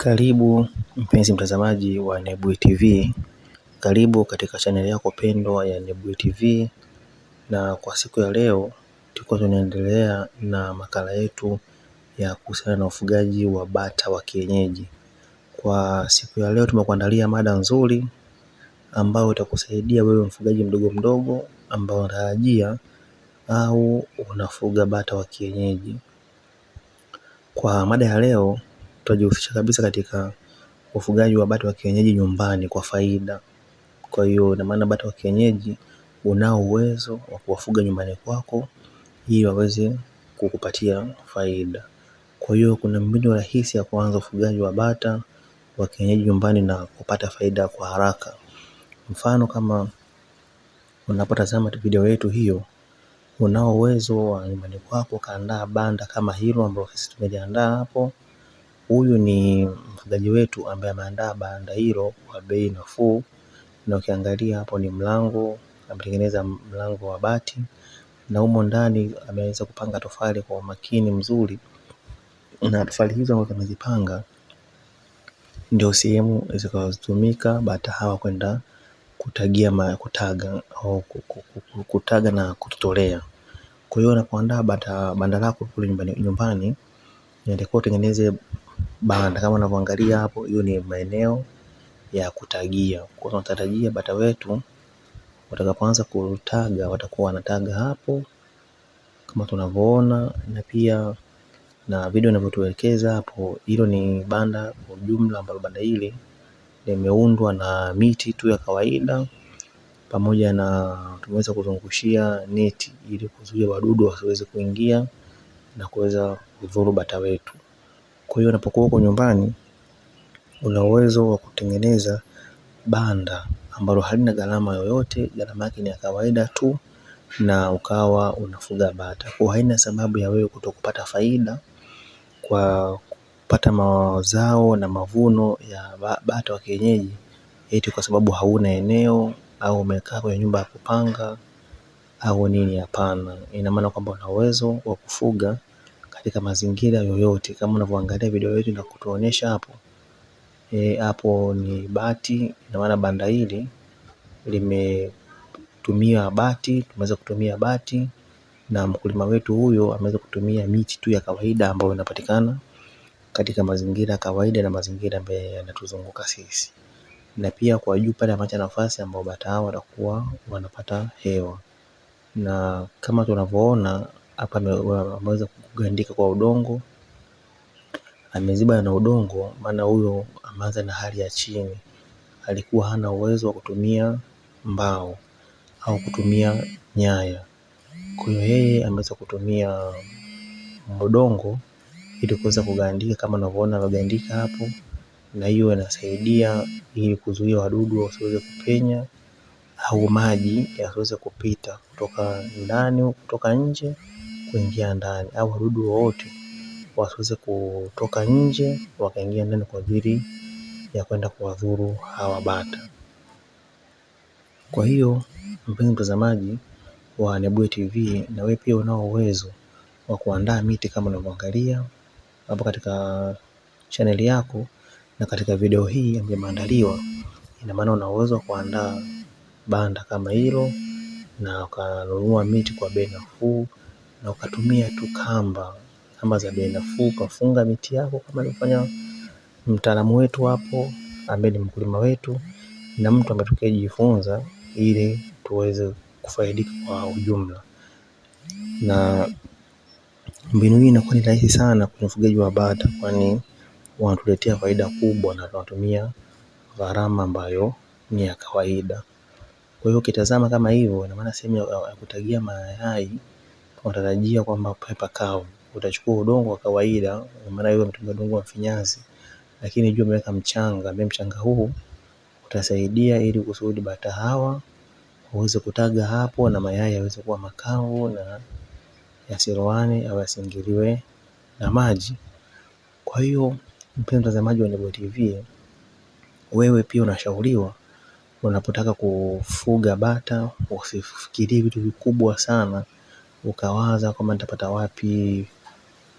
Karibu mpenzi mtazamaji wa Nebuye TV, karibu katika chaneli yako pendwa ya Nebuye TV, na kwa siku ya leo tuko tunaendelea na makala yetu ya kuhusiana na ufugaji wa bata wa kienyeji. Kwa siku ya leo tumekuandalia mada nzuri ambayo itakusaidia wewe mfugaji mdogo mdogo ambao unatarajia au unafuga bata wa kienyeji. Kwa mada ya leo tutajihusisha kabisa katika ufugaji wa bata wa kienyeji nyumbani kwa faida. Kwa hiyo ina maana bata wa kienyeji unao uwezo wa kuwafuga nyumbani kwako ili waweze kukupatia faida. Kwa hiyo kuna mbinu rahisi ya kuanza ufugaji wa bata wa kienyeji nyumbani na kupata faida kwa haraka. Mfano, kama unapotazama video yetu hiyo, unao uwezo wa nyumbani kwako ukaandaa banda kama hilo ambalo sisi tumeliandaa hapo, Huyu ni mfugaji wetu ambaye ameandaa banda hilo kwa bei nafuu na ukiangalia hapo ni mlango ametengeneza mlango wa bati na humo ndani ameweza kupanga tofali kwa umakini mzuri na tofali hizo ambazo amezipanga ndio sehemu zikazotumika bata hawa kwenda kutagia kutaga au kutaga na kutotolea. Kwa hiyo unapoandaa banda lako kule nyumbani inatakiwa utengeneze banda. Kama unavyoangalia hapo, hiyo ni maeneo ya kutagia. Kwa hiyo tunatarajia bata wetu watakapoanza kutaga watakuwa wanataga hapo kama tunavyoona, na pia na video inavyotuelekeza hapo, hilo ni banda kwa ujumla, ambalo banda hili limeundwa na miti tu ya kawaida pamoja na tumeweza kuzungushia neti ili kuzuia wadudu wasiweze kuingia na kuweza kudhuru bata wetu. Kwa hiyo unapokuwa huko nyumbani, una uwezo wa kutengeneza banda ambalo halina gharama yoyote, gharama yake ni ya kawaida tu, na ukawa unafuga bata. Kwa haina sababu ya wewe kutokupata faida kwa kupata mazao na mavuno ya bata wa kienyeji, eti kwa sababu hauna eneo au umekaa kwenye nyumba ya kupanga au nini. Hapana, ina maana kwamba una uwezo wa kufuga katika mazingira yoyote kama unavyoangalia video yetu na kutuonyesha hapo e, hapo ni bati na maana banda hili limetumia bati, tumeweza kutumia bati na mkulima wetu huyo ameweza kutumia miti tu ya kawaida ambayo inapatikana katika mazingira ya kawaida na mazingira ambayo yanatuzunguka sisi, na pia kwa juu pale amacha nafasi ambayo bata hao watakuwa wanapata hewa, na kama tunavyoona hapa ameweza kugandika kwa udongo, ameziba na udongo, maana huyo ameanza na hali ya chini, alikuwa hana uwezo wa kutumia mbao au kutumia nyaya. Kwa hiyo yeye ameweza kutumia udongo ili kuweza kugandika kama unavyoona amegandika hapo, na hiyo inasaidia ili kuzuia wadudu wasiweze kupenya au maji yasiweze kupita kutoka ndani kutoka nje kuingia ndani au wadudu wowote wasiweze kutoka nje wakaingia ndani kwa ajili ya kwenda kuwadhuru hawa bata. Kwa hiyo mpenzi mtazamaji wa Nebuye TV, na wewe pia unao uwezo wa kuandaa miti kama unavyoangalia hapo katika chaneli yako na katika video hii ambayo imeandaliwa, ina maana una uwezo wa kuandaa banda kama hilo na ukanunua miti kwa bei nafuu na ukatumia tu kamba, kamba za bei nafuu, ukafunga miti yako kama alivyofanya mtaalamu wetu hapo ambaye ni mkulima wetu na mtu ambaye tukijifunza ili tuweze kufaidika kwa ujumla. Na mbinu hii inakuwa ni rahisi sana kwenye ufugaji wa bata, kwani wanatuletea faida kubwa na tunatumia gharama ambayo ni ya kawaida. Kwa hiyo ukitazama kama hivyo, ina maana sehemu ya kutagia mayai wanatarajia kwamba pawe pakavu. Utachukua udongo wa kawaida, maana hiyo ametumia udongo wa mfinyanzi, lakini juu umeweka mchanga, ambaye mchanga huu utasaidia ili kusudi bata hawa waweze kutaga hapo na mayai yaweze kuwa makavu na yasiroane au yasingiliwe na maji. Kwa hiyo mpenzi mtazamaji wa Nebuye TV, wewe pia unashauriwa unapotaka kufuga bata usifikirie vitu vikubwa sana ukawaza kwamba nitapata wapi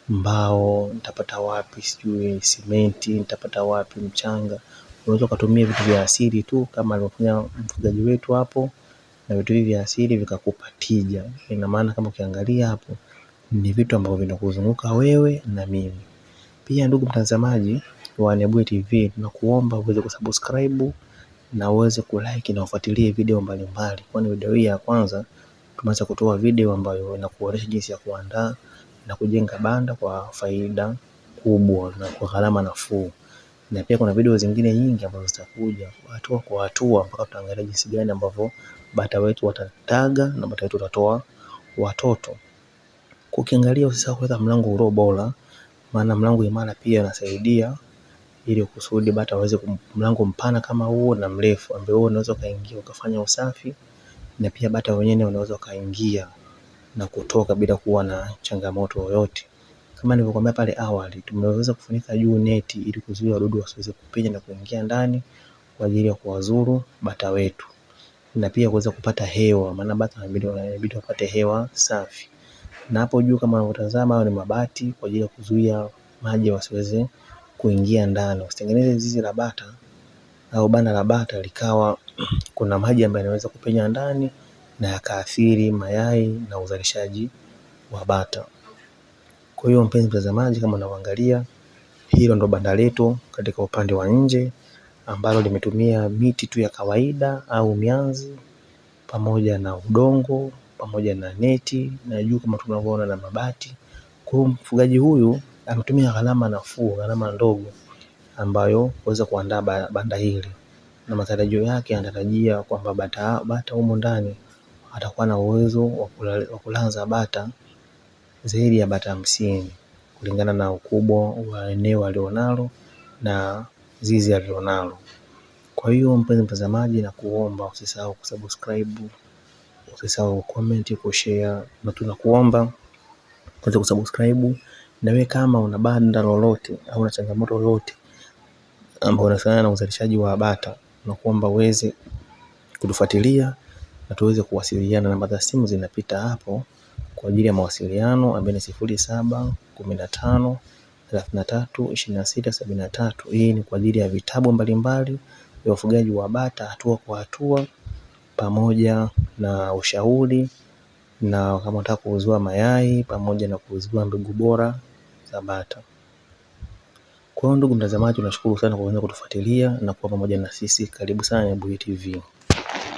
mbao, nitapata wapi sijui simenti, nitapata wapi mchanga. Unaweza ukatumia vitu vya asili tu kama alivyofanya mfugaji wetu hapo, na vitu hivi vya asili vikakupa tija. Ina maana kama ukiangalia hapo ni vitu ambavyo vinakuzunguka wewe na mimi. Pia ndugu mtazamaji wa Nebuye TV, tunakuomba uweze kusubscribe na uweze kulike na ufuatilie video mbalimbali, kwani video hii ya kwanza Tumeweza kutoa video ambayo inakuonesha jinsi ya kuandaa na kujenga banda kwa faida kubwa na kwa gharama nafuu. Na pia kuna video zingine nyingi ambazo zitakuja hatua kwa hatua mpaka tutaangalia jinsi gani ambavyo bata wetu watataga na bata wetu watatoa watoto. Kukiangalia usisahau kuweka mlango ulio bora, maana mlango imara pia inasaidia ili kusudi bata waweze mlango mpana kama huo na mrefu ambao unaweza ukaingia ukafanya usafi na pia bata wenyewe wanaweza ukaingia na kutoka bila kuwa na changamoto yoyote. Kama nilivyokuambia pale awali, tumeweza kufunika juu neti ili kuzuia wadudu wasiweze kupenya na kuingia ndani kwa ajili ya kuwazuru bata wetu, na pia kuweza kupata hewa, maana bata wanabidi wapate hewa safi. Na hapo juu kama unavyotazama, hayo ni mabati kwa ajili ya kuzuia maji wasiweze kuingia ndani. Usitengeneze zizi la bata au banda la bata likawa kuna maji ambayo yanaweza kupenya ndani na yakaathiri mayai na uzalishaji wa bata. Kwa hiyo mpenzi mtazamaji, kama unavyoangalia, hilo ndo banda letu katika upande wa nje ambalo limetumia miti tu ya kawaida au mianzi pamoja na udongo pamoja na neti na juu kama tunavyoona na mabati. Kwa hiyo mfugaji huyu ametumia gharama nafuu, gharama ndogo ambayo huweza kuandaa banda hili na matarajio yake anatarajia kwamba bata, bata humo ndani atakuwa na uwezo wa kulaza bata zaidi ya bata hamsini kulingana na ukubwa wa eneo alionalo na zizi alilonalo. Kwa hiyo mpenzi mtazamaji, na kuomba usisahau kusubscribe, usisahau comment, kushare na tunakuomba uweze kusubscribe. Na wewe kama una banda lolote au una changamoto lolote ambayo unafanana na uzalishaji wa bata Tunakuomba uweze kutufuatilia na tuweze kuwasiliana. Namba za simu zinapita hapo kwa ajili ya mawasiliano ambayo ni sifuri saba kumi na tano thelathini na tatu ishirini na sita sabini na tatu. Hii ni kwa ajili ya vitabu mbalimbali vya ufugaji wa bata hatua kwa hatua pamoja na ushauri na kama unataka kuuziwa mayai pamoja na kuuziwa mbegu bora za bata. Kwa hiyo ndugu mtazamaji, tunashukuru sana kwa kuweza kutufuatilia na kuwa pamoja na sisi. Karibu sana Nebuye TV.